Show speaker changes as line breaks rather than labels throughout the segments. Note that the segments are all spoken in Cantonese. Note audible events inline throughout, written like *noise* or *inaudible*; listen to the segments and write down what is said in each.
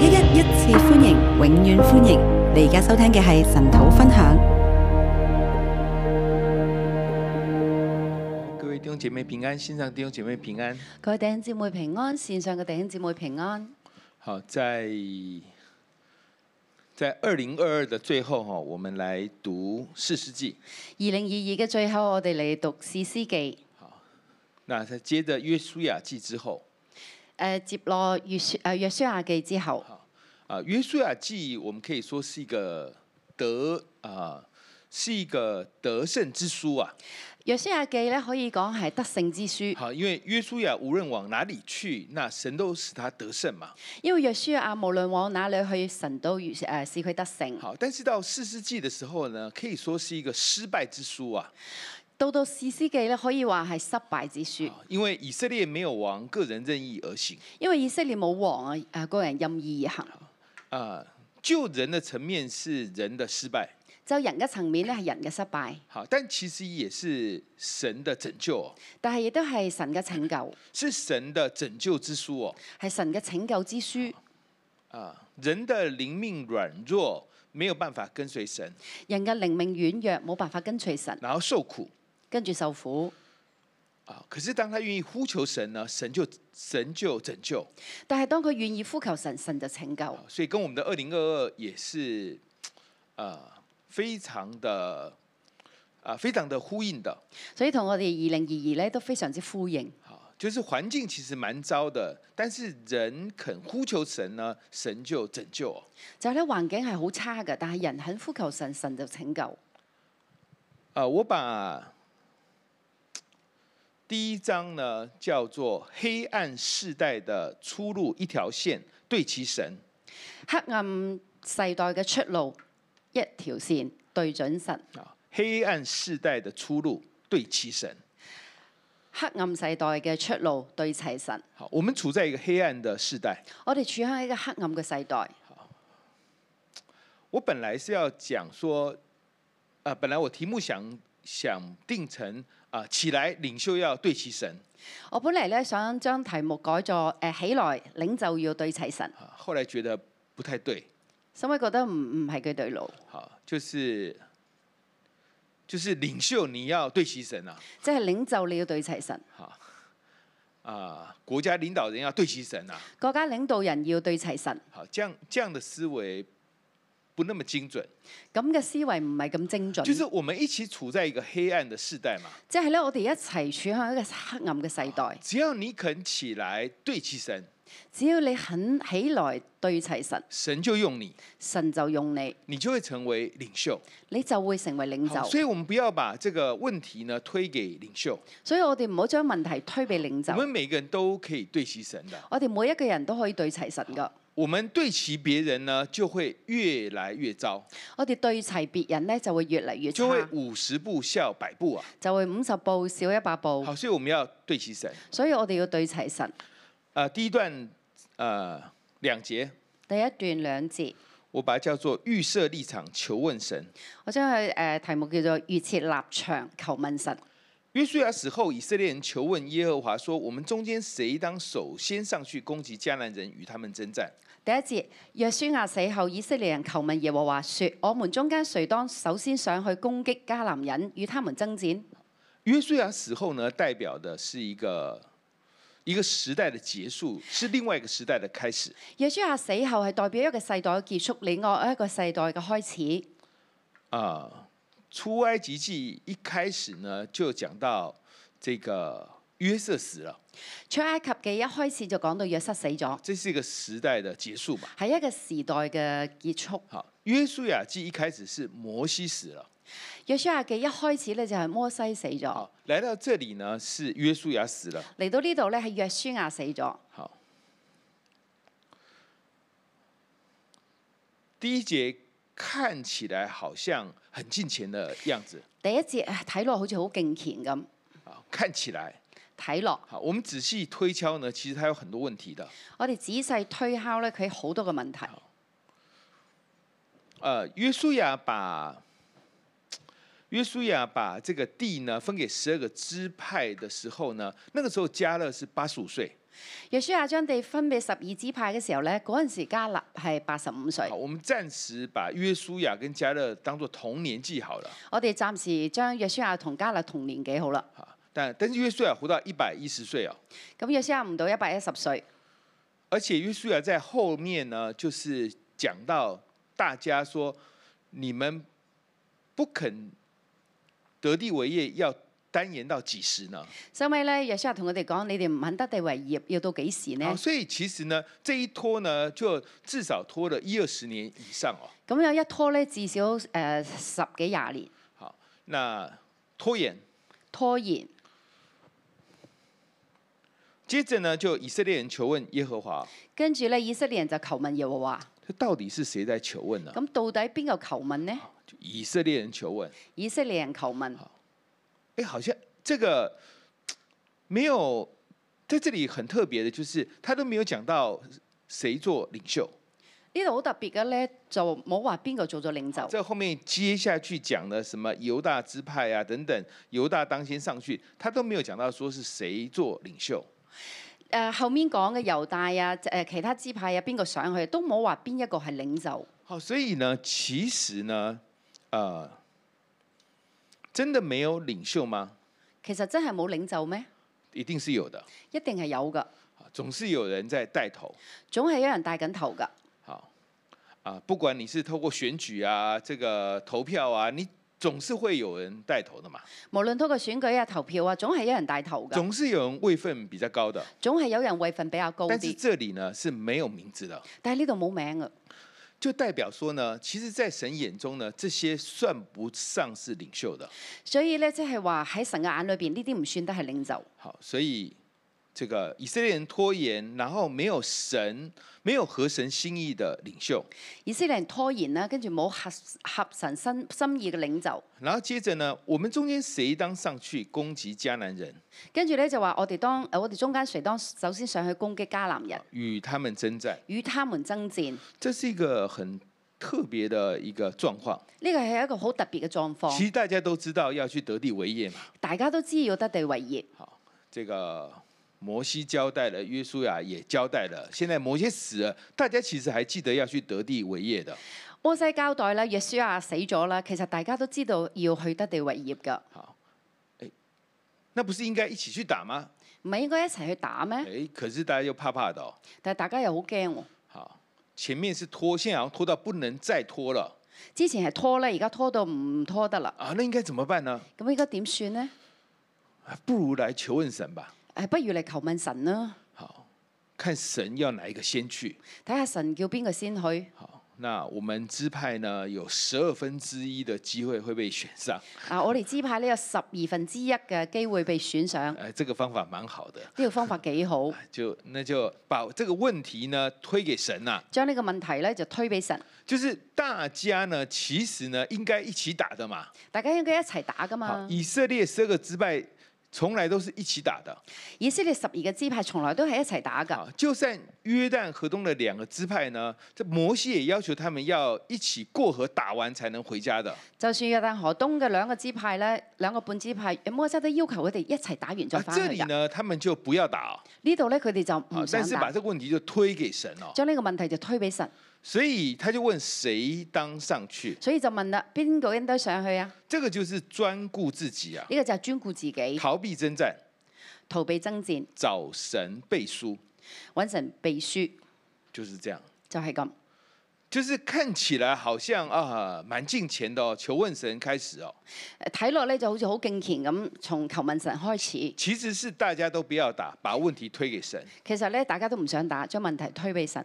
一一一次歡迎，永遠歡迎！你而家收聽嘅係神土分享。
各位弟兄姐妹平安，線上弟兄姐妹平安，
各位弟兄姐妹平安，線上嘅弟兄姐妹平安。
好，在在二零二二嘅最後，哈，我們來讀士師記。
二零二二嘅最後，我哋嚟讀士師記。好，
那在接着約書亞記之後。
誒，接落約書，誒，約書亞記之後，啊，
約書亞記，我們可以說是一個得，啊是一個得勝之書啊。約書亞記咧，可以講係得勝之書。好，因為約書亞無論往哪裡去，那神都使他得勝嘛。
因為約書亞無論往哪裡去，神都誒，使佢得勝。好，
但是到四世紀的時候呢，可以說是一個失敗之書啊。到到士師記咧，可以話係失敗之書。因為以色列沒有王，個人任意而行。因為以色列冇王啊，
誒，個人任意而行。
啊，救人的層面是人的失敗。
就人嘅層面咧，係人嘅失敗。
好，但其實也是神的拯救。但係亦都係神嘅拯救。是神嘅拯救之書哦，係神嘅拯救之書。啊，人的靈命軟弱，沒有辦法跟隨神。
人嘅靈命軟弱，冇辦法跟隨神，然後受苦。跟住受苦，
可是當他願意呼求神呢，神就神就拯救。
但係當佢願意呼求神，神就拯救。
所以跟我們的二零二二也是，呃，非常的，呃，非常的呼應的。
所以同我哋二零二二咧都非常之呼應。
就是環境其實蠻糟的，但是人肯呼求神呢，神就拯救。
就係、是、咧環境係好差嘅，但係人肯呼求神，神就拯救。
呃，我把。第一章呢，叫做《黑暗世代的出路一條線對齊神》。
黑暗世代嘅出路一條線對準神。
黑暗世代的出路對齊神，神。黑暗世
代嘅出路對齊神。
好，我們處在一個黑暗的世代。我哋處
喺一個黑暗
嘅世代。好，我本來是要講說，呃，本來我題目想想定成。啊、uh, 呃！起來，領袖要對齊神。
我本嚟咧想將題目改做「誒起來，領袖要對齊神」。
後來覺得不太對，
稍微覺得唔唔係佢對路。
好，就是就是領袖你要對齊神啊，
即係領袖你要對齊神。
好啊，uh, 國家領導人要對齊神啊，
國家領導人要對齊神
啊。好，uh, 這樣這樣的思維。不那麼精準，咁嘅思
維唔係咁精準，就是我們一起處在一個黑暗的世代嘛。即係咧，我哋一齊處喺一個黑暗嘅世代。只要你肯起來對齊神，只要你肯起來對齊神，神就用你，神就用你，你就會成為領袖，你就會成為領袖。所以，
我們不要把這個問題呢推給領袖。
所以我哋唔好將問題推俾領袖。我們
每個人都可以對齊神的，
我哋每一個人都可以對齊神
㗎。我們對齊別人呢，就會越來越糟。
我哋對齊別人呢，就會越嚟越糟。就會
五十步笑百步啊！
就會五十步笑一百步。好，所
以我們要對齊神。所以
我哋要對齊神。
呃，第一段啊，呃，兩節。第一段兩節。我把它叫做預設立場求問神。
我將佢誒題目叫做預設立場求問神。
約書亞死後，以色列人求問耶和華說：我們中間誰當首先上去攻擊迦南人與他們爭戰？
第一節，約書亞死後，以色列人求問耶和華說：我們中間誰當首先上去攻擊迦南人與他們爭戰？
約書亞死後呢，代表的是一個一個時代的結束，是另外一個時代的開始。
約書亞死後係代表一個世代嘅結束，另外一個世代嘅開始。
啊。出埃及記一開始呢，就講到這個約瑟死了。出埃及記一開始就講到約瑟死咗。這是一個時代的結束吧？係一個時代嘅結束。好，約書亞記一開始是摩西死了。約書亞記一開始呢，就係摩西死咗。來到這裏呢，是約書亞死了。
嚟到呢度呢，係約書亞死咗。
好，第一節。看起來好像很敬虔的樣子。第一節睇落好似好敬虔咁。啊，看起來。睇落。好，我們仔細推敲呢，其實它有很多問題的。我哋仔細推
敲咧，佢好多個問題。
誒，約書亞把約書亞把這個地呢，分給十二個支派的時候呢，那個時候加勒是八十五歲。約書亞將地分俾十二支派嘅時候咧，嗰陣時加勒係
八十五歲。我
們暫時把約書亞跟加勒當做
同年紀好了。我哋暫時將約書亞同加勒同年紀好啦。吓，
但但是約書亞活到一百一十歲啊。
咁約書亞唔到一百一十歲，
而且約書亞在後面呢，就是講到大家說，你們不肯得地為業要拖延到幾時呢？
所以咧，約書亞同佢哋講：你哋唔肯得地為業，要到幾時呢？
所以其實呢，這一拖呢，就至少拖了一二十年以上哦。
咁有一拖咧，至少誒、呃、十幾廿年。
好，那拖延拖延。接着呢，就以色列人求問耶和華。
跟住咧，以色列人就求問耶和華。這到底係誰在求問呢、啊？咁到底邊個求問呢？就以
色列人求問。
以色列人求問。
誒，好像這個沒有，在這裡很特別的，就是他都沒有講到誰做領袖。
呢度好特別嘅呢，就冇話邊個做咗領袖。
在後面接下去講了什麼猶大支派啊等等，猶大當先上去，他都沒有講到說是誰做領袖。
誒、呃，後面講嘅猶大啊，誒、呃、其他支派啊，邊個上去都冇話邊一個係領袖。
好、哦，所以呢，其實呢，呃真的沒有領袖嗎？其實真
係冇領袖咩？
一定是有的，一定係有嘅，總是有人在帶頭，總係有人
帶緊頭噶。
好，啊。不管你是透過選舉啊，這個投票啊，你總是會有人帶頭的嘛。
無論透過選舉啊、投票啊，總係有人帶頭噶，總是
有人位分比較高的，
總係有人位份比較高啲。但是
這裡呢是沒有名字的，
但係呢度冇名噶。
就代表說呢，其實，在神眼中呢，這些算不上是領袖的。
所以呢，即係話喺神嘅眼裏邊，呢啲唔算得係領袖。
好，所以。這個以色列人拖延，然後沒有神，沒有合神心意的領袖。以色列人拖延啦，跟住冇合合神心
心意嘅領袖。
然後接着呢，我們中間誰當上去攻擊迦南人？
跟住呢，就話我哋當誒、呃，我哋中間誰當首先上去攻擊迦南人？
與他們爭戰，與他們爭戰，這是一個很特別的一個狀況。
呢、這個係一個好特別嘅狀況。其實
大家都知道要去得地為業嘛，
大家都知道要得地為業。好，
這個。摩西交代了，約書亞也交代了。現在摩西死了，大家其實還記得要去得地為業的。
摩西交代啦，約書亞死咗啦，其實大家都知道要去得地為業噶。好，誒，
那不是應該一起去打嗎？
唔係應該一齊去打咩？
誒，可是大家又怕怕到，
但係大家又好驚、哦。
好，前面是拖，現在好像拖到不能再拖了。
之前係拖咧，而家拖到
唔拖得啦。啊，那應該怎麼辦呢？咁應該點算呢？不如來求問神吧。誒，不如嚟求問神啦，好，看神要哪一個先去，睇
下神叫邊個先去。好，
那我們支派呢有十二分之一的機會會被選上。
啊，我哋支派呢有十二分之一嘅機會被選上。誒、這
個，這個方法蠻好嘅，呢
個方法幾好，
就那就把這個問題呢推給神啊，
將呢個問題呢就推俾神。
就是大家呢其實呢應該一起打㗎嘛，大家應該一齊打㗎嘛。以色列十二個支派。從來都是一起打的，以色列十二個支派從來都係一起打噶。就算約旦河東的兩個支派呢，這摩西也要求他們要一起過河打完才能回家的。
就算約旦河東嘅兩個支派咧，兩個半支派，摩西都要求佢哋一齊打完再翻去。啊、這裏
呢，他們就不要打。哦。這
裡呢度咧，佢哋就唔想打。但是把
這個問題就推給神咯，將
呢個問題就推俾神。
所以他就問誰當上去？
所以就問啦，邊個應該上去啊？
這個就是專顧自己啊！呢個就係專顧自己，逃避爭戰，逃避爭戰，找神背書，揾神背書，就是這樣，就係咁，就是看起來好像啊，蠻敬虔的哦，求問神開始哦。
睇落咧就好似好敬虔咁，從求問神開始。
其實是大家都不要打，把問題推給神。
其實咧，大家都唔想打，將問題推俾神。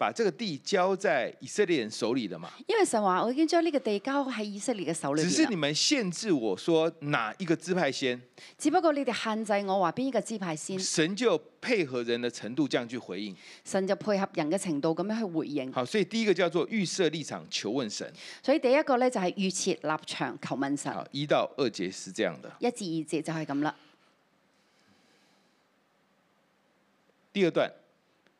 把這個地交在以色列人手裏的嘛？
因為神話我已經將呢個地交喺以色列嘅手裏。只是你
們限制我說哪一個支派先？只不
過你哋限制我話邊一個支派先？
神就配合人的程度這樣去回應。神就配合人嘅程度咁樣去回應。好，所以第一個叫做預設立場求問神。所以第
一個呢，就係預設立場求問神。好，
一到二節是這樣的。
一至二節就係咁啦。
第二段。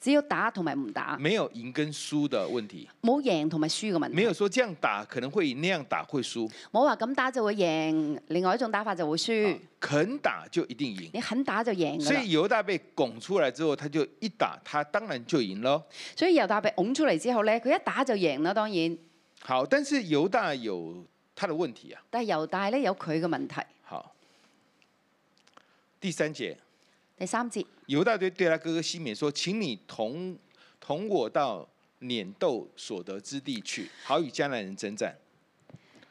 只要打同埋唔
打，沒有贏跟輸的問題。冇贏同埋輸嘅問題。沒有說這樣打可能會贏，那樣打會輸。冇話咁打就會贏，另外一種打法就會輸。哦。肯打就一定贏。你
肯打就贏。所以猶
大被拱出來之後，他就一打，他當然就贏咯。所
以猶大被拱出嚟之後咧，佢一打就贏啦，當然。
好，但是猶大有他的問題啊。
但係猶大咧有佢嘅問題。好，
第三節。第三節。猶大對對他哥哥西緬說：“請你同同我到拈鬮所，所得之地去，好與迦南人爭戰。”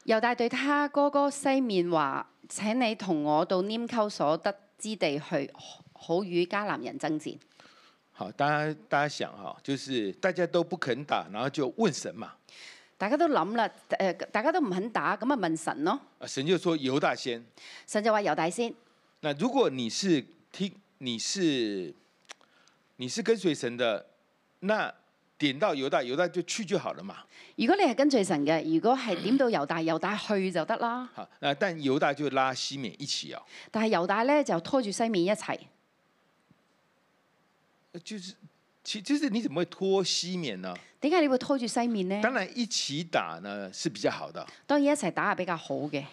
猶大對他哥哥西緬話：“請你同我到拈鬮所得之地去，好與迦南人爭戰。”
好，大家大家想就是大家都不肯打，然後就問神嘛。
大家都諗啦、呃，大家都唔肯打，咁啊問神咯。
啊，神就說猶大先。
神就話猶大先。
那如果你是聽？你是你是跟隨神的，那點到猶大，猶大就去就好了嘛。
如果你係跟隨神嘅，如果係點到猶大，猶 *coughs* 大去就得啦。
好，但猶大就拉西緬，一起啊。
但係猶大咧就拖住西緬一齊。就
是，其就是你怎麼會拖西緬呢？
點解你會拖住西緬呢？當然
一起打呢是比較好的。
當然一齊打係比較好嘅。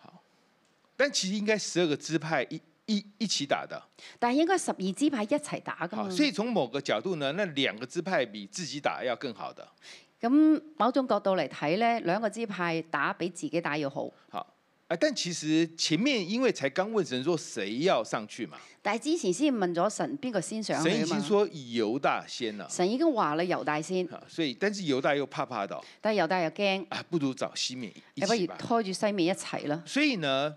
好，
但其實應該十二個支派一。一一起打的，
但係應該十二支派一齊打㗎嘛，所以
從某個角度呢，那兩個支派比自己打要更好的。
咁某種角度嚟睇呢，兩個支派打比自己打要好。
好，誒，但其實前面因為才剛問神說誰要上去嘛，
但係之前先問咗神邊個先上嚟啊神，神已經說
猶大先啦，神已
經話啦猶大先，
所以，但是猶大又怕怕到，
但係猶大又驚、
啊，不如找西面、啊，不如拖
住西面一齊
啦。所以呢？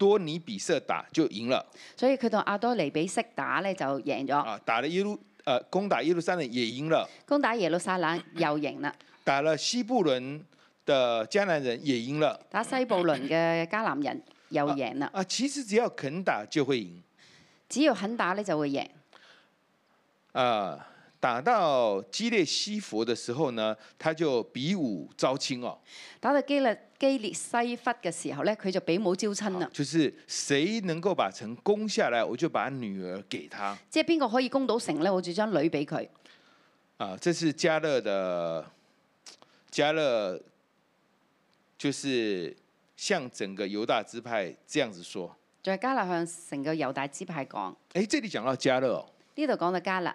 多尼比色打就贏了，所以佢
同阿多尼比色打咧就贏咗。啊，
打了耶路，呃，攻打耶路撒冷也贏了。
攻打耶路撒冷又贏啦。
打了西布倫的迦南人也贏了。
打西布倫嘅迦南人又贏啦，啊。
啊，其實只要肯打就會贏，
只要肯打咧就會贏。
啊、呃。打到基列西弗嘅時、哦、時候呢，他就比武招親哦。
打到基列基列西弗嘅時候咧，佢就比武招親啦。
就是誰能夠把城攻下來，我就把女兒給他。
即係邊個可以攻到城咧，我就將女俾佢。
啊，這是加勒的加勒，就是向整個猶大支派這樣子說。在加勒
向成個猶大支派講。
哎，這裏講到加勒哦。
呢度講到加勒。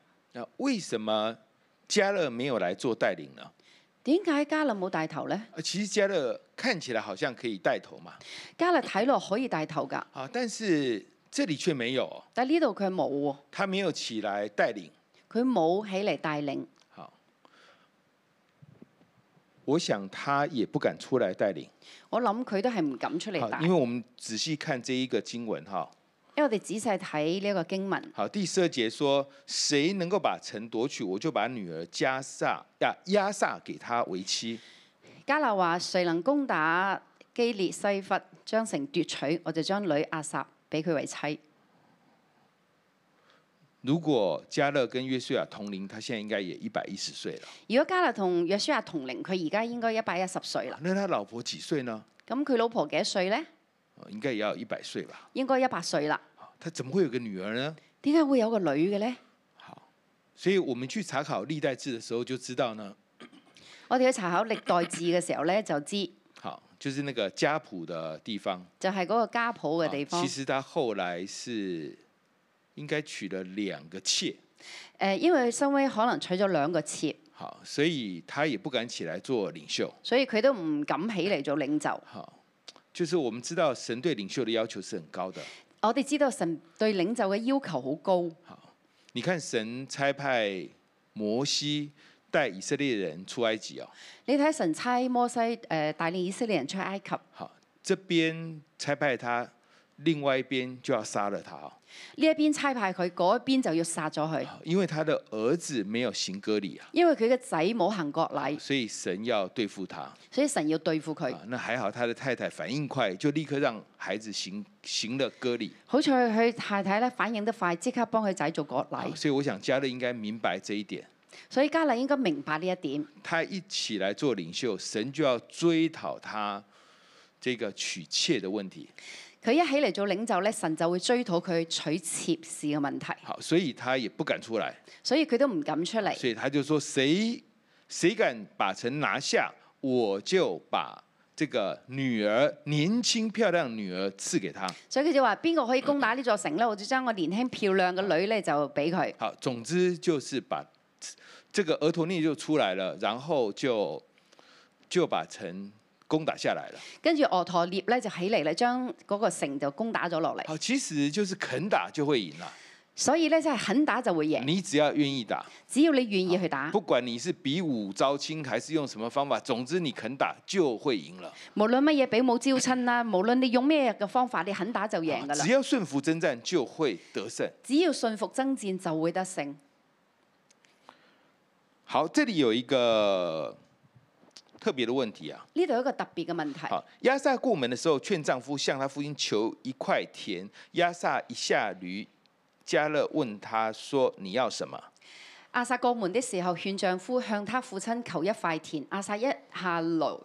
那為什麼加勒沒有來做帶領呢？
點解加勒冇帶頭咧？
其實加勒看起來好像可以帶頭嘛。加勒睇落，可以帶頭噶。啊，但是這裡卻沒有。但呢度佢冇。他沒有起來帶領。佢冇起嚟帶領。好，我想他也不敢出來帶領。
我諗佢都係唔敢出嚟帶領。好，因為
我們仔細看這一個經文哈。
因為我哋仔細睇呢一個經文，
好，第四節說，誰能夠把城奪取，我就把女兒加薩呀亞薩給他為妻。
加勒話：誰能攻打基列西弗，將城奪取，我就將女亞薩俾佢為妻。
如果加勒跟約書亞同齡，他現在應該也一百一十歲了。
如果加勒同約書亞同齡，佢而家應該一百一十歲啦。
那他老婆幾歲呢？
咁佢老婆幾多歲呢？
應該也要一百歲吧？
應該一百歲啦
他怎麼會有個女兒呢？
點解會有個女嘅呢好，
所以我們去查考歷代志的時候就知道呢。
我哋去查考歷代志的時候咧，就知道
好，就是那個家譜的地方。
就係、是、嗰個家譜的地方。其實
他後來是應該娶了兩個妾。
誒、呃，因為身威可能娶咗兩個妾。
好，所以他也不敢起來做領袖。
所以佢都唔敢起嚟做領袖。好。
就是我們知道神對領袖的要求是很高的。
我哋知道神對領袖嘅要求很高好高。好，
你看神差派摩西帶以色列人出埃及。哦、
你睇神差摩西誒、呃、帶領以色列人出埃及。好，
這邊差派他。另外一邊就要殺了他。
呢一邊差派佢，嗰一邊就要殺咗佢。
因為他的兒子沒有行割禮啊！因為佢嘅仔冇行割禮，所以神要對付他。所以神要對付佢。那還好，他的太太反應快，就立刻讓孩子行行了割禮。
好彩佢太太咧反應得快，即刻幫佢仔做割禮。
所以我想嘉利應該明白這一點。所以嘉利應該明白呢一點。他一起來做領袖，神就要追討他這個娶妾的問題。佢一起
嚟做領袖咧，神就會追討佢取妾事嘅問題。
好，所以他也不敢出來。
所以佢都唔敢出嚟。所
以他就話：誰誰敢把城拿下，我就把這個女兒年輕漂亮女兒賜給他。
所以佢就話：邊個可以攻打呢座城呢？我就將我年輕漂亮嘅女呢，就俾佢。
好，總之就是把這個俄陀聶就出來了，然後就就把城。攻打下來了，
跟住俄陀聶咧就起嚟啦，將嗰個城就攻打咗落嚟。
好，其實就是肯打就會贏啦，
所以咧即係肯打就會贏。
你只要願意打，
只要你願意去打，不
管你是比武招親還是用什麼方法，總之你肯打就會贏啦。
無論乜嘢比武招親啦、啊，無論你用咩嘅方法，你肯打就贏噶啦。只要
順服征戰就會得勝，
只要順服征戰就會得勝。
好，這裏有一個。特，啊、特別的問題啊！呢
度有一個特別嘅問題。
阿薩過門嘅時候，勸丈夫向他父親求一塊田。阿薩一下驢，加勒迦勒問他說你要什麼？
阿薩過門的時候，勸丈夫向他父親求一塊田。阿薩一下勞，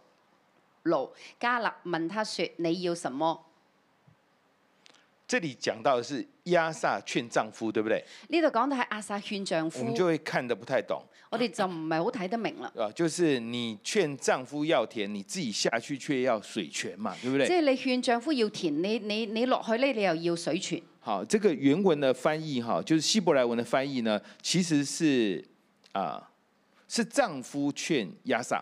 勞迦勒問他說你要什麼？
這裏講到的是亞薩勸丈夫，對不對？
呢度講到係亞薩勸丈夫，我們就會
看得不太懂。
我哋就唔係好睇得明啦。
啊，就是你勸丈夫要田，你自己下去卻要水泉嘛，對不對？即係
你勸丈夫要田，你你你落去呢，你又要水泉。
好，這個原文的翻譯，哈，就是希伯來文的翻譯呢，其實是啊、呃，是丈夫勸亞薩。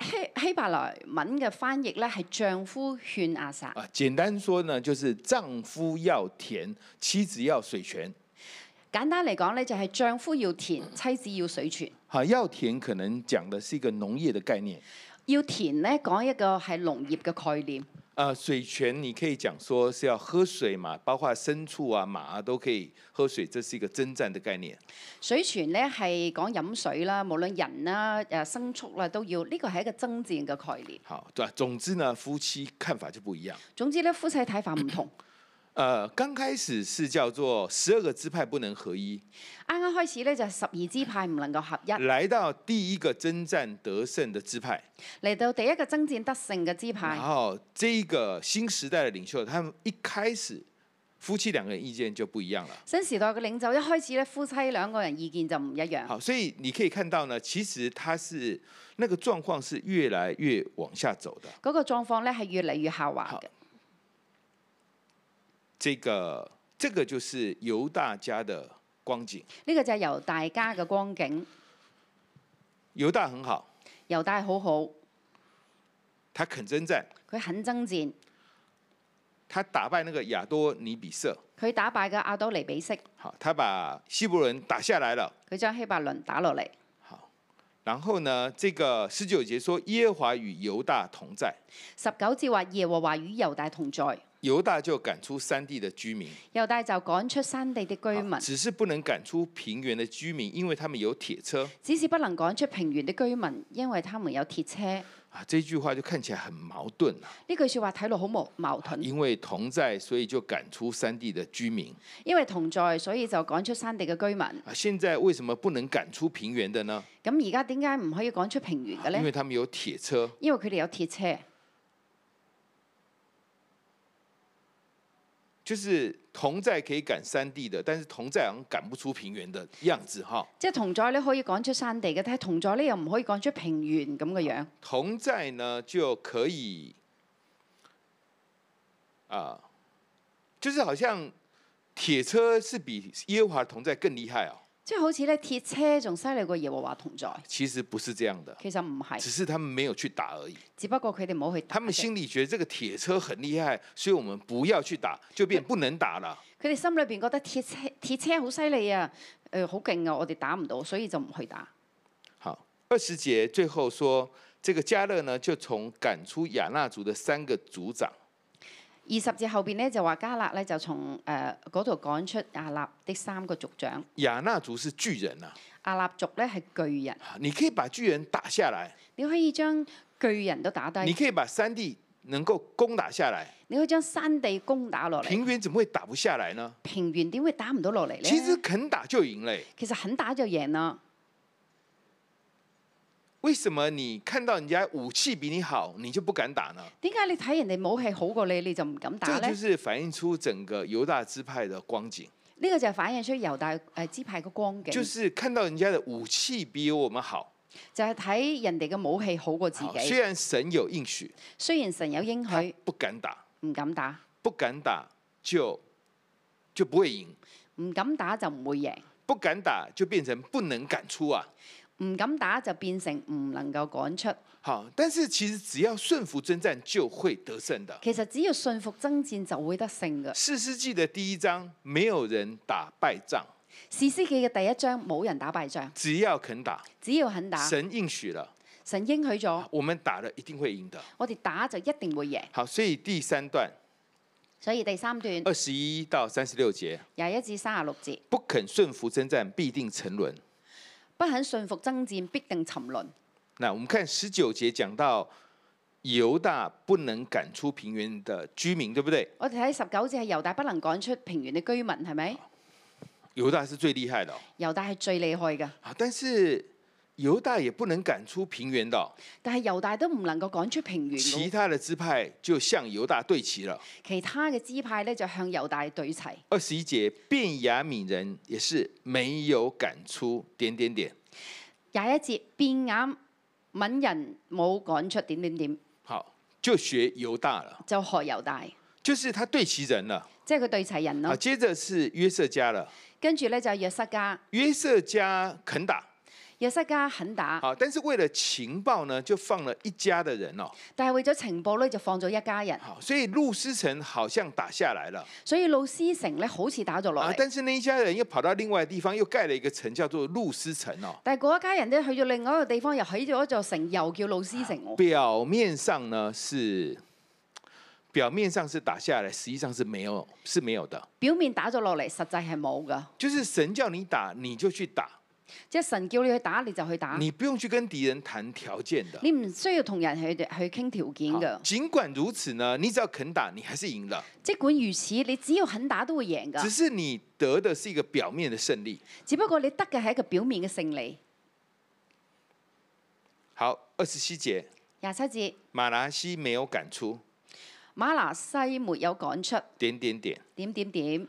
希希伯來文嘅翻譯咧，係丈夫勸阿薩。啊，
簡單說呢，就是丈夫要田，妻子要水泉。
簡單嚟講咧，就係丈夫要田，妻子要水泉。
啊，要田可能講嘅是一個農業嘅概念。
要田咧講一個係農業嘅概念。
誒、啊、水泉你可以講說是要喝水嘛，包括牲畜啊、馬啊都可以喝水，這水，水，啊啊啊，這是一個爭戰的概念。
水泉咧係講飲水啦，無論人啦誒，牲畜啦都要，呢個係一個爭戰嘅概念。
好，對，總之呢夫妻看法就不一樣。
總之咧夫妻睇法唔同。
*coughs* 呃，剛開始是叫做十二個支派不能合一。
啱啱開始咧就十二支派唔能夠合一。
來到第一個征戰得勝的支派。
嚟到第一個征戰得勝嘅支派。然
後，這一個新時代嘅領袖，他們一開始夫妻兩個人意見就不一樣了。
新時代嘅領袖一開始咧，夫妻兩個人意見就唔一樣。
好，所以你可以看到呢，其實他是那個狀況是越來越往下走的。
嗰個，個，個，個，個狀況咧係越來越下滑嘅。
這個，這個就是猶大家的光景。
呢個就係猶大家嘅光景。
猶大很好。
猶大好好。
他肯征戰。佢肯征戰。他打敗那個亞多尼比色。
佢打敗個亞多尼比色。
好，他把希伯倫打下來了。
佢將希伯倫打落嚟。好，
然後呢？這個十九節說耶華與猶大同在。
十九節話耶和華與猶大同在。
猶大就趕出山地的居民。
猶大就趕出山地的居民。只
是不能趕出平原的居民，因為他們有鐵車。
只是不能趕出平原的居民，因為他們有鐵車。
啊，這句話就看起來很矛盾了。呢句說話睇落好矛矛盾。因為同在，所以就趕出山地的居民。
因為同在，所以就趕出山地嘅居民。啊，
現在為什麼不能趕出平原的呢？
咁而家點解唔可以趕出平原嘅咧？因為
他們有鐵車。
因為佢哋有鐵車。
就是同在可以趕山地的，但是同在好像趕不出平原的樣子，哈。
即同在咧可以趕出山地嘅，但係同在咧又唔可以趕出平原咁嘅樣。
同在呢就可以，啊，就是好像鐵車是比耶和華同在更厲害啊、哦。
即係好似咧鐵車仲犀利過耶和華同在，
其實不是這樣的，其實唔係，只是他們沒有去打而已。只不過佢哋冇去打。他們心裏覺得這個鐵車很厲害，所以我們不要去打，就變不能打了。
佢哋心裏邊覺得鐵車鐵車好犀利啊，誒好勁啊，我哋打唔到，所以就唔去打。
好，二十節最後說，這個迦勒呢就從趕出亞衲族的三個族長。
二十字後邊咧就話加勒咧就從誒嗰度趕出亞納的三個族長。
亞納族是巨人啊！
亞納族咧係巨人。
你可以把巨人打下來。
你可以將巨人都打低。你可以
把山地能夠攻打下來。
你可以將山地攻打落
嚟。平原怎麼會打不下來呢？
平原點會打唔到落嚟咧？其
實肯打就贏嘞。
其實肯打就贏啦。
為什麼你看到人家武器比你好，你你好你，你就不敢打呢？
點解你睇人哋武器好過你，你就唔敢打咧？呢就是
反映出整個猶大支派的光景。
呢、這個就係反映出猶大誒、呃、支派嘅光景。就是
看到人家的武器比我們好，
就係、是、睇人哋嘅武器好過自己。雖然
神有應許，雖然神有應許，不敢打，唔敢打，不敢打就就不會贏，唔敢打就唔會贏，不敢打就變成不能趕出啊。
唔敢打就變成唔能夠趕出。
吓，但是其實只要順服征戰就會得勝的。其
實只要順服征戰就會得勝
嘅。士師記的第一章沒有人打敗仗。
士師記嘅第一章冇人打敗仗。
只要肯打。只
要肯打。神
應許了。
神應許咗。
我們打了一定會贏的。
我哋打就一定會贏。
好，所以第三段。
所以第三段。二
十一到三十六節。
廿一至三十六節。不
肯順服征戰必定沉淪。
不肯信服爭戰必定沉淪。
嗱，我們看十九節講到猶大不能趕出平原的居民，對不對？
我哋睇十九節係猶大不能趕出平原嘅居民，係咪？
猶大係最厲害的，
哦。猶大係最厲害嘅。
啊，但是。猶大也不能趕出平原島，
但係猶大都唔能夠趕出平原。其
他嘅支派就向猶大對齊了，
其他嘅支派咧就向猶大對齊。
二十一節便雅敏人也是沒有趕出點點點。
廿一節便雅敏人冇趕出點點點。
好，就學猶大了，
就學猶大，
就是他對齊人啦，
即係佢對齊人咯。啊，
接着是約瑟家了，
跟住咧就約瑟家，
約瑟家肯打。約瑟家很打，好，但是為了情報呢，就放了一家的人咯、哦。但係為咗情報呢，就放咗一家人。好，所以路斯城好像打下來了。所以路斯城呢，好似打咗落嚟。但是那一家人又跑到另外一地方，又蓋了一個城，叫做路斯城哦。
但係嗰一家人呢，去咗另外一個地方，又起咗一座城，又叫路斯城、哦。
表面上呢是，表面上是打下來，實際上是沒有，是沒有的。
表面打咗落嚟，實際係冇㗎。
就是神叫你打，你就去打。
即係神叫你去打，你就去打，你
不用去跟敵人談條件的。你
唔需要同人去去傾條件噶。
盡管如此呢，你只要肯打，你還是贏喇。盡管如此，
你只要肯打都會贏噶。只是
你得的是一個表面嘅勝利。
只不過你得嘅係一個表面嘅勝利。
好，二十七節，
廿七節，
馬拿西沒有趕出，
馬拿西沒有趕出，
點點點，
點點點。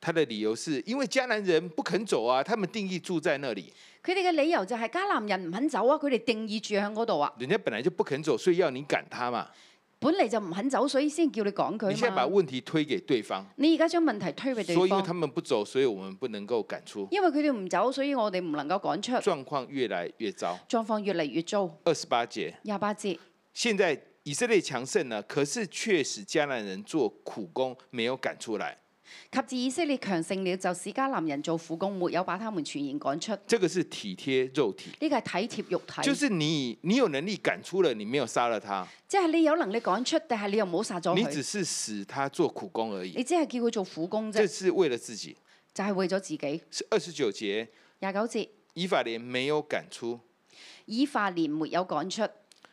他的理由是因為迦南人不肯走啊，他們定義住在那裏。
佢哋嘅理由就係迦南人唔肯走啊，佢哋定義住喺嗰度啊。
人家本來就不肯走，所以要你趕他嘛。
本嚟就唔肯走，所以先叫你趕佢。你先把
問題推給對方。
你而家將問題推俾對方。所以，因為他
們不走，所以我們不能夠趕出。因為佢
哋唔走，所以我哋唔能夠趕出。狀
況越來越糟。狀況越嚟越糟。二十八節，廿八節。現在以色列強盛呢，可是確實迦南人做苦工，沒有趕出來。
及至以色列強盛了，就使迦南人做苦工，沒有把他們全然趕出。
這個是體貼肉體。呢
個係體貼肉體。就是你
你有能力趕出了，你沒有殺了他。
即係你有能力趕出，但係你又冇殺咗佢。你只
是使他做苦工而已。你
只係叫佢做苦工啫。即是為了自己。就係為咗自己。
二十九節。廿九節。以法蓮沒有趕出。以法蓮沒有趕出。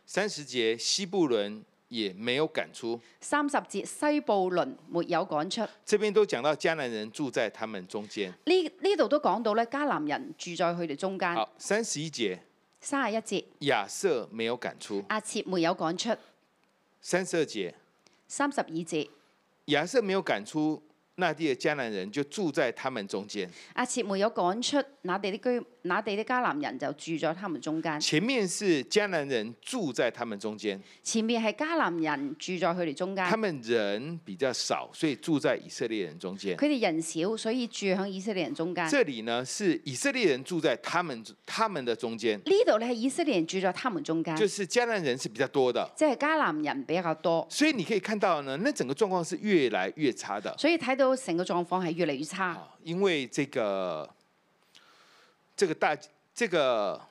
三十節，西布倫。也沒有趕出。三十節，西布倫沒有趕出。這邊都講到迦南人住在他們中間。
呢，呢度都講到咧，迦南人住在佢哋中間。好，
三十一節。
三十一節。
亞設沒有趕出。阿切沒有趕出。三十二節。三十二節。亞設沒有趕出，那地的迦南人就住在他們中間。
阿切沒有趕出，那地的居。那地的迦南人就住在他們中間。
前面是迦南人住在他們中間。
前面係迦南人住在佢哋中間。他們
人比較少，所以住在以色列人中間。佢
哋人少，所以住喺以色列人中間。這
裡呢是以色列人住在他們他們的中間。
呢度呢係以色列人住在他們中間。就
是迦南人是比較多的，
即係迦南人
比較多。所以你可以看到呢，那整個狀況是越來越差的。所
以睇到成個狀況係越嚟越
差，因為這個。這個大，這個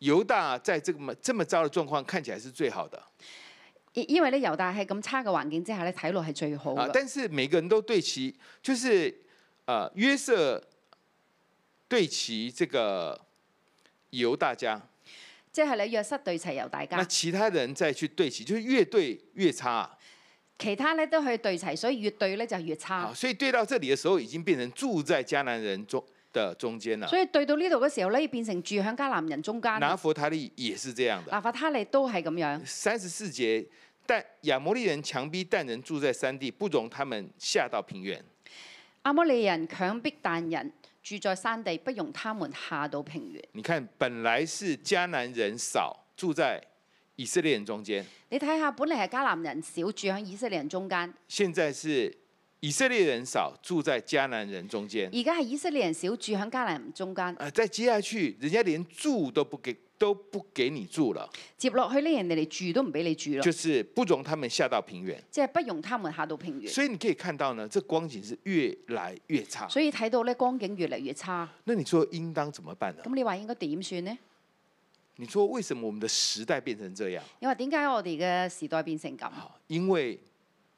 猶大在這麼這麼糟的狀況看起來是最好的。
因為呢，猶大喺咁差嘅環境之下咧，睇落係最好，啊。但
是每個人都對齊，就是啊、呃，約瑟對齊這個猶大家，
即係咧約瑟對齊猶大家。那
其他人再去對齊，就是越對越差。
其他咧都去對齊，所以越對咧就越差，啊。
所以對到這裡的時候，已經變成住在迦南人中。的中間啦，所以
對到呢度嘅時候咧，變成住響迦南人中間。拿
弗他利也是這樣的，
拿弗他利都係咁樣。
三十四節，但亞摩利人強逼但人住在山地，不容他們下到平原。
亞摩利人強逼但人住在山地，不容他們下到平原。
你看，本來是迦南人少，住在以色列人中間。
你睇下，本嚟係迦南人少，住響以色列人中間。
現在是，以色列人少住在迦南人中間，而
家係以色列人少住喺迦南人中間。
啊、呃！再接下去，人家連住都不給，都不給你住了。
接落去呢，人哋嚟住都唔俾你住咯。就
是不容他們下到平原，
即係不容他們下到平原。所以
你可以看到呢，這光景是越來越差。所以
睇到呢，光景越嚟越差。
那你說應當怎麼辦呢？咁你話
應該點算呢？
你說為什麼我們的時代變成這樣？
你話點解我哋嘅時代變成咁？
因為。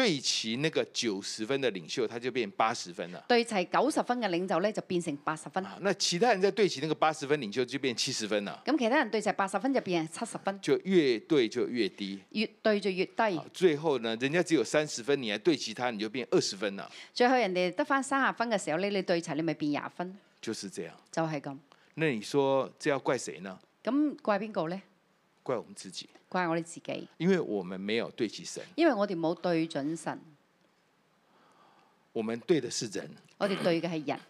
對齊那個九十分的領袖，他就變八十分啦。
對齊九十分嘅領袖咧，就變成八十分。啊，
那其他人再對齊那個八十分領袖，就變七十分啦。
咁其他人對齊八十分就變七十分。
就越對就越低，
越對就越低。啊，
最後呢，人家只有三十分，你還對齊他，你就變二十分啦。
最後人哋得翻三十分嘅時候呢，你對齊你咪變廿分。
就是這樣，就係、是、咁。那你說，這要怪誰呢？
咁怪邊個呢？
怪我們自己，
怪我哋自己，
因為我們沒有對齊神，
因為我哋冇對準神，
我們對的是人，我哋對嘅係人，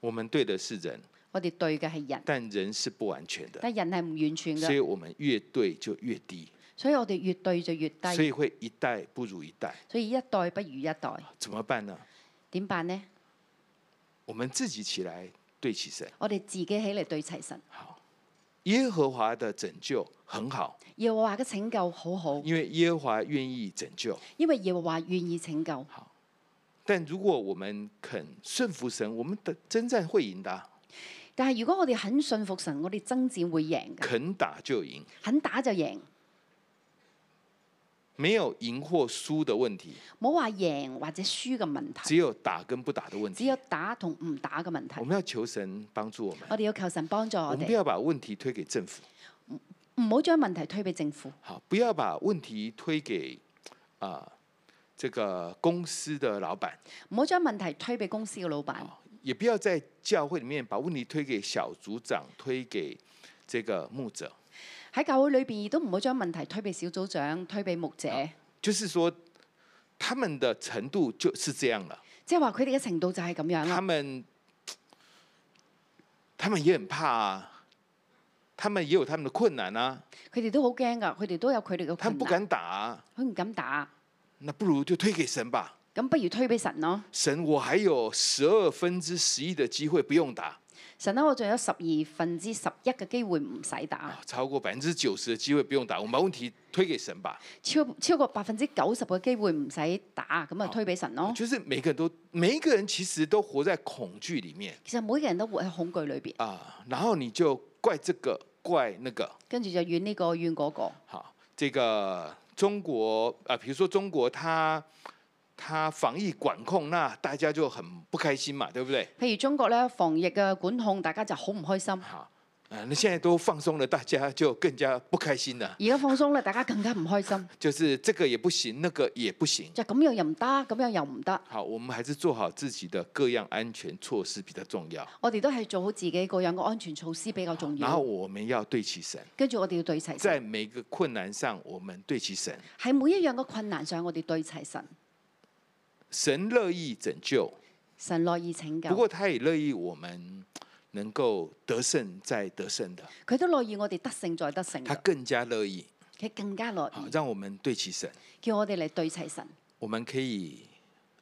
我們對的是人，
我哋對嘅係
人，但人是不完全的，但
人係唔完全嘅，所以我
們越對就越低，
所以我哋越對就越低，所以會
一代不如一代，
所以一代不如一代，
怎麼辦呢？
點辦呢？
我們自己起來對齊神，
我哋自己起嚟對齊神。
耶和華的拯救很好，
耶和華嘅拯救好好，因
為耶和華願意拯救，因為耶和華願意拯救。好，但如果我們肯順服神，我們的征戰會贏的。但係如果我哋肯信服神，我哋爭戰會贏，肯打就贏，肯打就贏。肯打就贏。沒有贏或輸的問題，唔好話贏或者輸嘅問題，只有打跟不打的問題，只有打同唔打嘅問題。我們要求神幫助我們，
我哋要求神幫助我哋，我們不要
把問題推給政府，
唔好將問題推俾政府。好，
不要把問題推給啊、呃，這個公司的老闆，
唔好將問題推俾公司嘅老闆，
也不要在教會裏面把問題推給小組長，推給這個牧者。
喺教會裏邊，亦都唔好將問題推俾小組長、推俾牧者。啊。
就是說，他們的程度就是這樣啦。
即係話佢哋嘅程度就係咁樣啦。他們，
他們也很怕啊，他們也有他們的困難啊。
佢哋都好驚噶，佢哋都有佢哋嘅困難。佢哋不敢
打，佢唔敢打。那不如就推給神吧。
咁不如推俾神咯。
神，我還有十二分之十一的機會，不用打。
神啊，我仲有十二分之十一嘅機會唔使打。
超過百分之九十嘅機會不用打，我冇問題推給神吧。超
超過百分之九十嘅機會唔使打，咁啊推俾神咯。
就是每個人都，每一個人其實都活在恐懼裡面。其實每個人都活喺恐懼裏邊。啊，然後你就怪這個，怪那個。
跟住就怨呢個，怨嗰個。
好，這個中國啊，譬如說中國，他。他防疫管控，啊,那大家就很不開心嘛,對不對？
譬如中國咧，防疫嘅管控，大家就好唔開心。吓，
誒，那現在都放鬆了，大家就更加不開心啦。而
家放鬆了，大家更加唔開心。
就是這個也不行，那個也不行。就
咁樣又唔得，咁樣又唔得。
好，我們還是做好自己的各樣安全措施比較重要。
我哋都係做好自己各樣嘅安全措施比較重要。然後
我們要對齊神。
跟住我哋要對齊神。在
每一個困難上，我們對齊神。
喺每一樣嘅困難上，我哋對齊神。
神樂意拯救，
神樂意拯救。不過，他
也樂意我們能夠得勝再得勝的。
佢都樂意我哋得勝再得勝。他
更加樂意，佢更加樂意。好，讓我們對齊神，
叫我哋嚟對齊神。
我們可以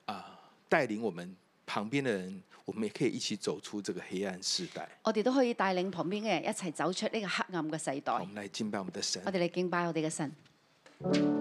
啊，呃，帶領我們旁邊的人，我們也可以一起走出這個黑暗世代。
我哋都可以帶領旁邊嘅人一齊走出呢個黑暗嘅世代。我們嚟敬拜我們的神，我哋嚟敬拜我哋嘅神。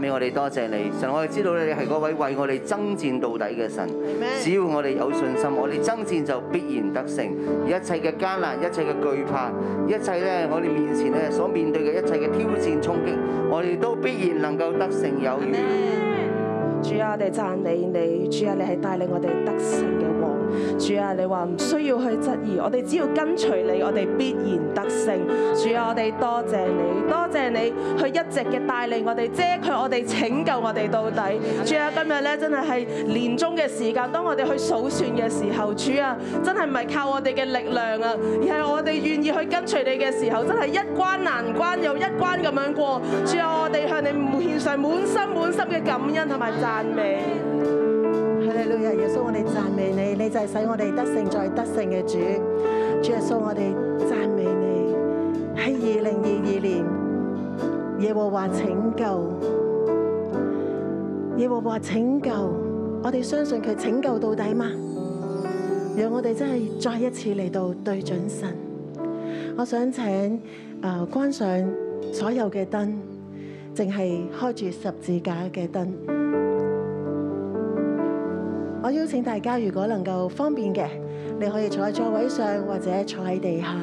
俾我哋多謝你，神，我哋知道咧，你係嗰位為我哋爭戰到底嘅神。只要我哋有信心，我哋爭戰就必然得勝。一切嘅艱難、一切嘅懼怕、一切咧我哋面前咧所面對嘅一切嘅挑戰衝擊，我哋都必然能夠得勝有餘。主啊，我哋讚你，你主啊，你係帶領我哋得勝。主啊，你話唔需要去質疑，我哋只要跟隨你，我哋必然得勝。主啊，我哋多謝你，多謝你去一直嘅帶領我哋，遮蓋我哋，拯救我哋到底。主啊，今日咧真係係年終嘅時間，當我哋去數算嘅時候，主啊，真係唔係靠我哋嘅力量啊，而係我哋願意去跟隨你嘅時候，真係一關難關又一關咁樣過。主啊，我哋向你獻上滿心滿心嘅感恩同埋讚美。係你老人
我哋讚美你，你就係使我哋得勝再得勝嘅主，主耶穌，我哋讚美你。喺二零二二年，耶和華拯救，耶和華拯救，我哋相信佢拯救到底嘛？讓我哋真係再一次嚟到對準神。我想請誒關上所有嘅燈，淨係開住十字架嘅燈。我邀請大家，如果能夠方便嘅，你可以坐喺座位上或者坐喺地下。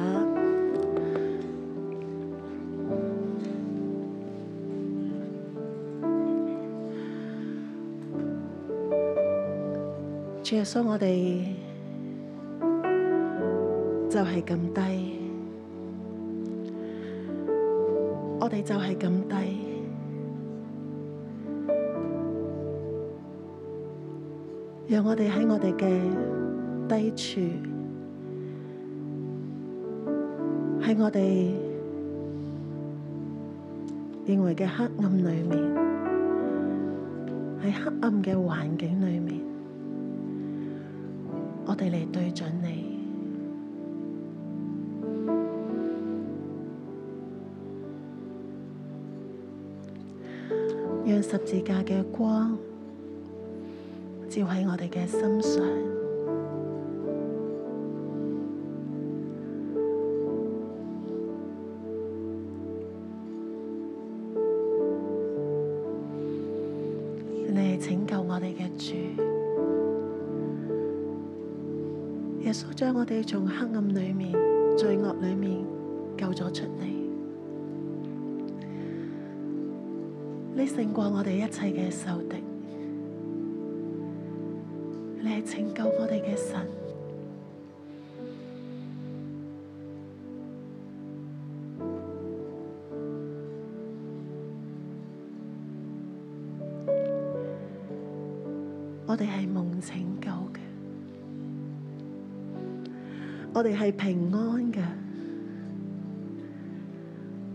接受我哋就係咁低，我哋就係咁低。讓我哋喺我哋嘅低處，喺我哋認為嘅黑暗裏面，喺黑暗嘅環境裏面，我哋嚟對準你，讓十字架嘅光。照喺我哋嘅心上，你係拯救我哋嘅主，耶穌將我哋從黑暗裏面、罪惡裏面救咗出嚟，你勝過我哋一切嘅仇敵。係拯救我哋嘅神，我哋係蒙拯救嘅，我哋係平安嘅，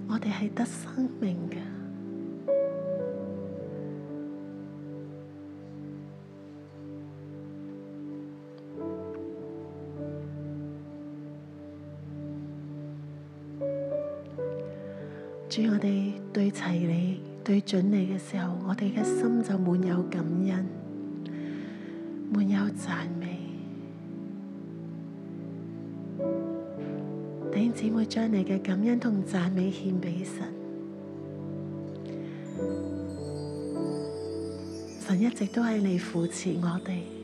我哋係得生命嘅。在我哋對齊你、對準你嘅時候，我哋嘅心就滿有感恩，滿有讚美。弟兄姊妹將你嘅感恩同讚美獻俾神，神一直都係你扶持我哋。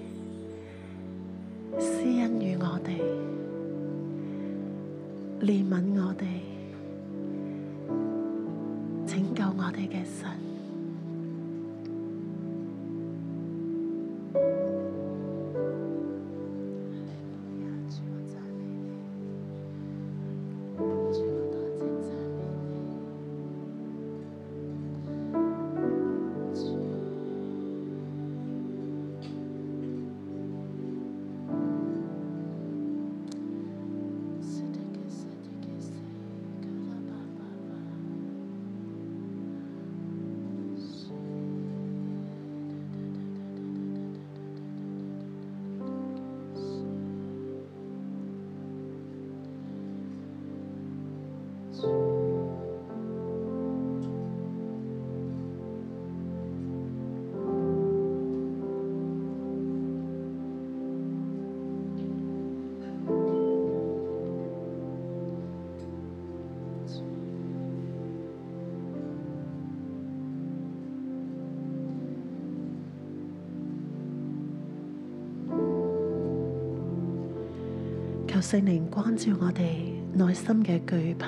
聖靈關照我哋內心嘅懼怕，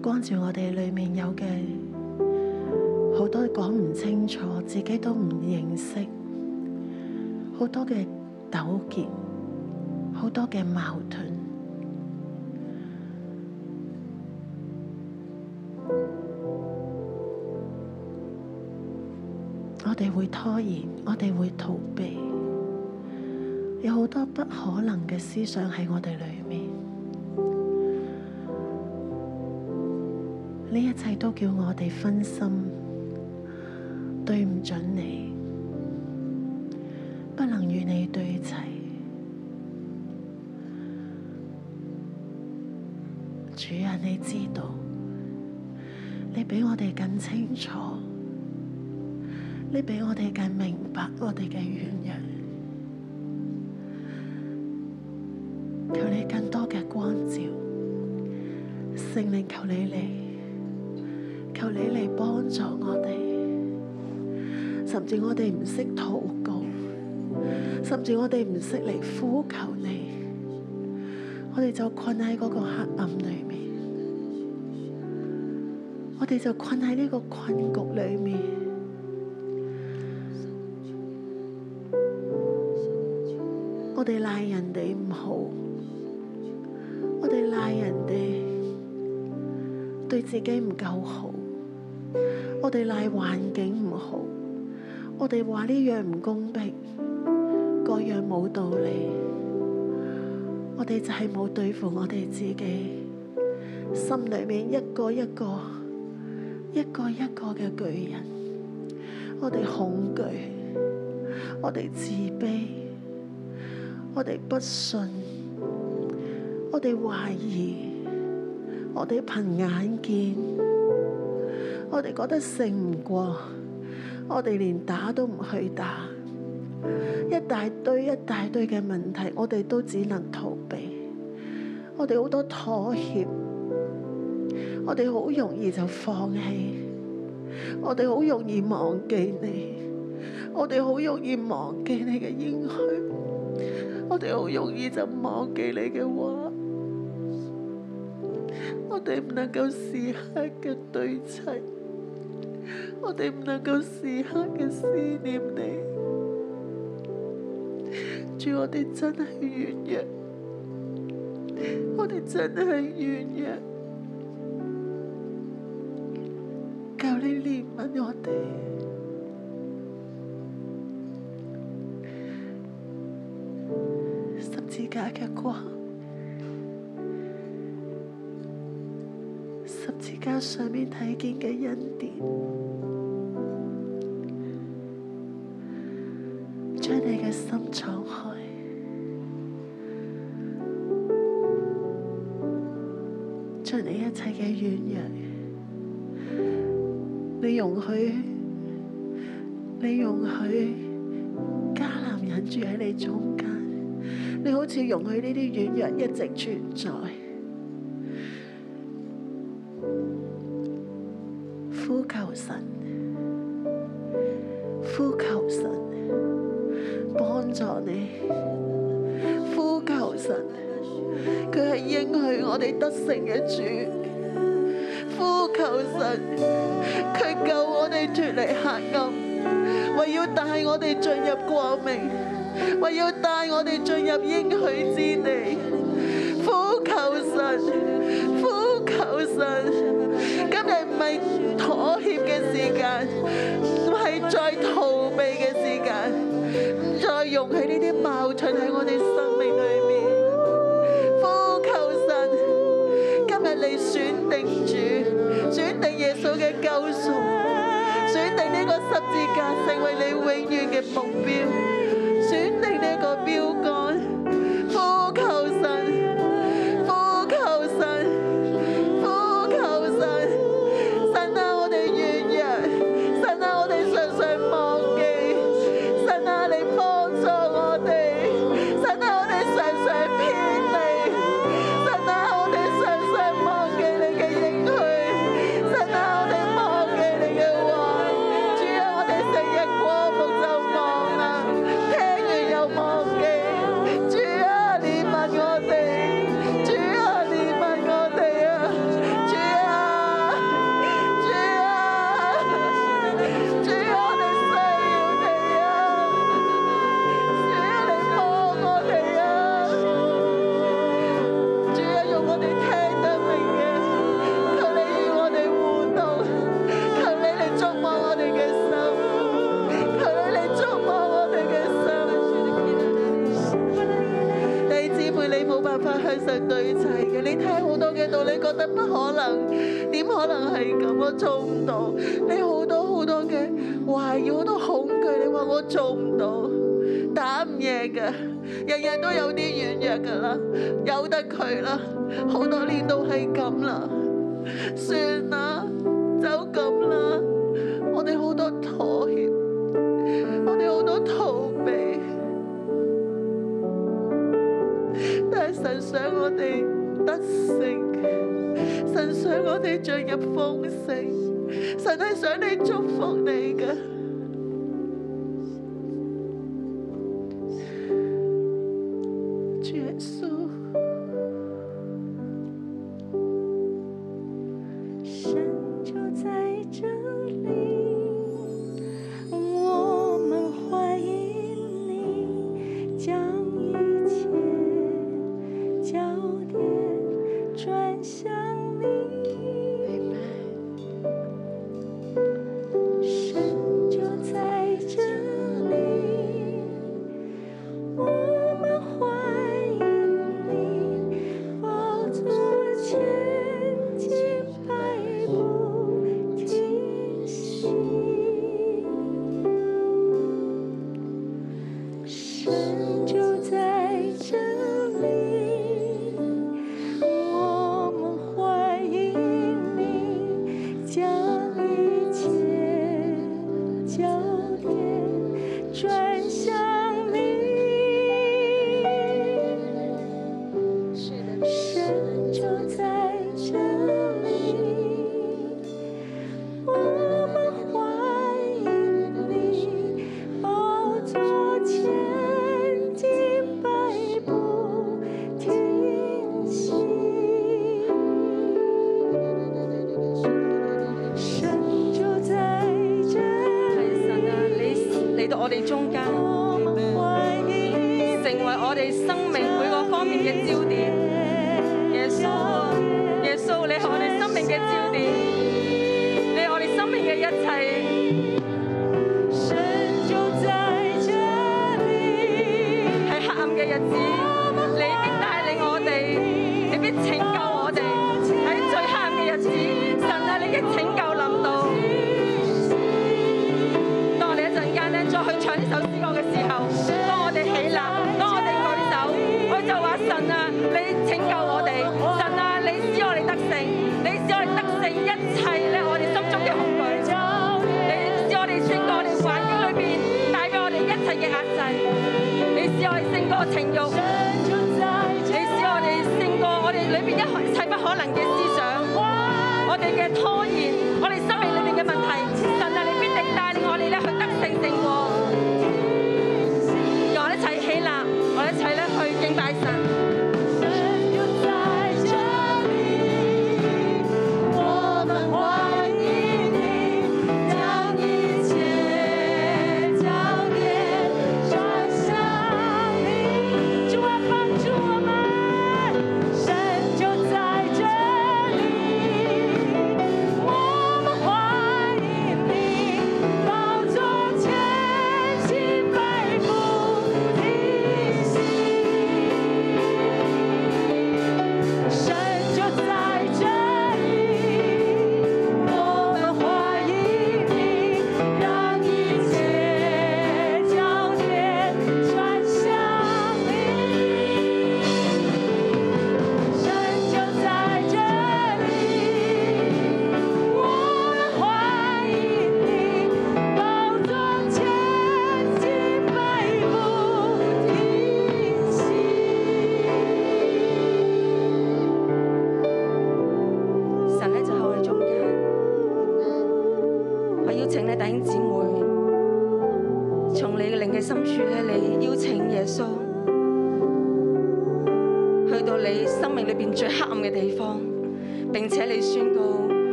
關照我哋裏面有嘅好多講唔清楚，自己都唔認識，好多嘅糾結，好多嘅矛盾。我哋會拖延，我哋會逃避。好多不可能嘅思想喺我哋裏面，呢一切都叫我哋分心。聖靈求你嚟，求你嚟幫助我哋。甚至我哋唔識禱告，甚至我哋唔識嚟呼求你，我哋就困喺嗰個黑暗裏面，我哋就困喺呢個困局裏面，我哋賴人哋唔好，對自己唔夠好，我哋賴環境唔好，我哋話呢樣唔公平，個樣冇道理，我哋就係冇對付我哋自己，心裏面一個一個一個一個嘅巨人，我哋恐懼，我哋自卑，我哋不信，我哋懷疑。我哋憑眼見，我哋覺得勝唔過，我哋連打都唔去打，一大堆一大堆嘅問題，我哋都只能逃避，我哋好多妥協，我哋好容易就放棄，我哋好容易忘記你，我哋好容易忘記你嘅應許，我哋好容易就忘記你嘅話。我哋唔能夠時刻嘅對齊，我哋唔能夠時刻嘅思念你。主，我哋真係軟弱，我哋真係軟弱，求你憐憫我哋，十字架嘅光。十字架上面睇見嘅恩典，將你嘅心敞開，將你一切嘅軟弱，你容許，你容許家男人住喺你中間，你好似容許呢啲軟弱一直存在。成嘅主，呼求神，佢救我哋脫離黑暗，為要帶我哋進入光明，為要帶我哋進入應許之地。呼求神，呼求神，今日唔係妥協嘅時間。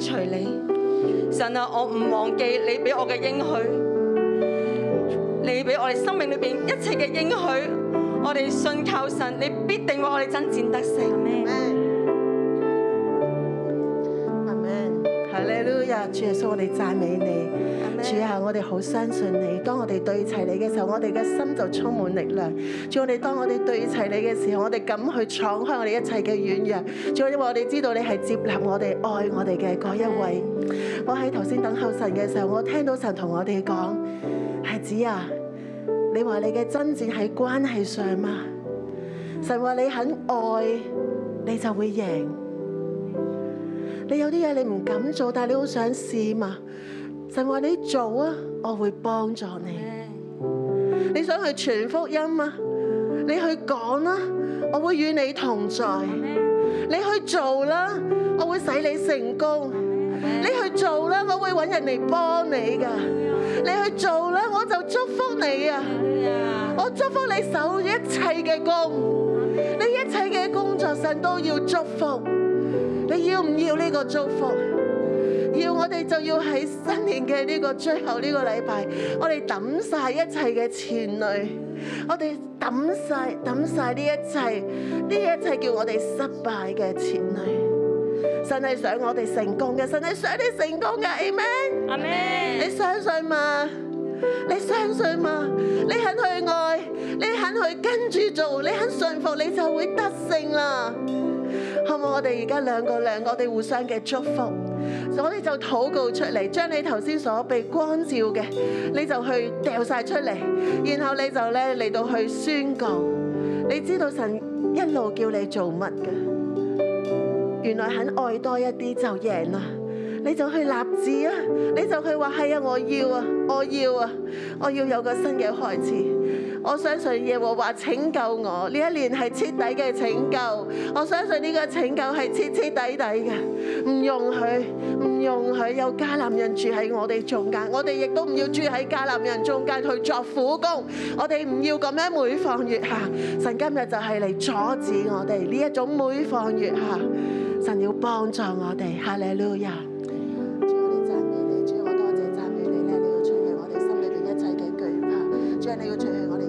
除你，神啊，我唔忘記你俾我嘅應許，你俾我哋生命裏邊一切嘅應許，我哋信靠神，你必定為我哋爭戰得勝。阿門。
阿門。哈利路亞，主耶穌，我哋讚美你。主啊，我哋好相信。齊你嘅時候，我哋嘅心就充滿力量。仲要你當我哋對齊你嘅時候，我哋敢去闖開我哋一切嘅軟弱。仲要因為我哋知道你係接納我哋、愛我哋嘅嗰一位。我喺頭先等候神嘅時候，我聽到神同我哋講：孩子啊，你話你嘅真正喺關係上啊，神話你肯愛，你就會贏。你有啲嘢你唔敢做，但係你好想試嘛？神話你做啊，我會幫助你。你想去傳福音啊？你去講啦，我會與你同在；okay. 你去做啦，我會使你成功；okay. 你去做啦，我會揾人嚟幫你噶；okay. 你去做啦，我就祝福你啊！Okay. 我祝福你守住一切嘅工，okay. 你一切嘅工作上都要祝福。你要唔要呢個祝福？要！我哋就要喺新年嘅呢個最後呢個禮拜，我哋抌晒一切嘅纏累，我哋抌晒抌晒呢一切，呢一切叫我哋失敗嘅纏累，神係想我哋成功嘅，神係想你成功嘅，阿們，阿們，你相信嘛？你相信嘛？你肯去愛，你肯去跟住做，你肯信服，你就會得勝啦。好唔好？我哋而家兩個兩個，哋互相嘅祝福，所以我哋就禱告出嚟，將你頭先所被光照嘅，你就去掉晒出嚟，然後你就咧嚟到去宣告，你知道神一路叫你做乜㗎？原來肯愛多一啲就贏啦，你就去立志啊，你就去話係啊，我要啊，我要啊，我要有個新嘅開始。我相信耶和華拯救我呢一年係徹底嘅拯救。我相信呢個拯救係徹徹底底嘅，唔容許，唔容許有迦南人住喺我哋中間，我哋亦都唔要住喺迦南人中間去作苦工。我哋唔要咁樣每況愈下。神今日就係嚟阻止我哋呢一種每況愈下。神要幫助我哋。哈利路亞。主我哋讚美你，主我多謝讚美你咧。你要除去我哋心裏邊一切嘅懼怕。主啊，你要除去我哋。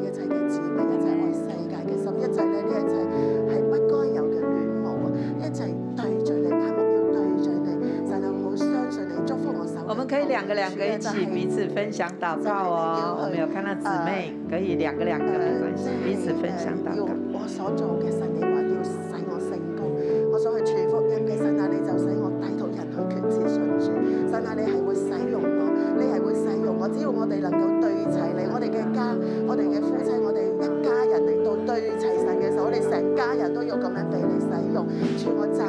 兩個一起彼此、就是、分享禱告哦。我們有看到姊妹、uh, 可以兩個兩個，兩個沒關係，彼、uh, 此分享禱
告。我所做嘅神，你話要使我成功，我想去傳福音嘅神啊，你就使我帶領人去決志信主。神啊，你係會使用我，你係會使用我。只要我哋能夠對齊你，我哋嘅家，我哋嘅夫妻，我哋一家人嚟到對齊神嘅時候，我哋成家人都要咁樣俾你使用。主我。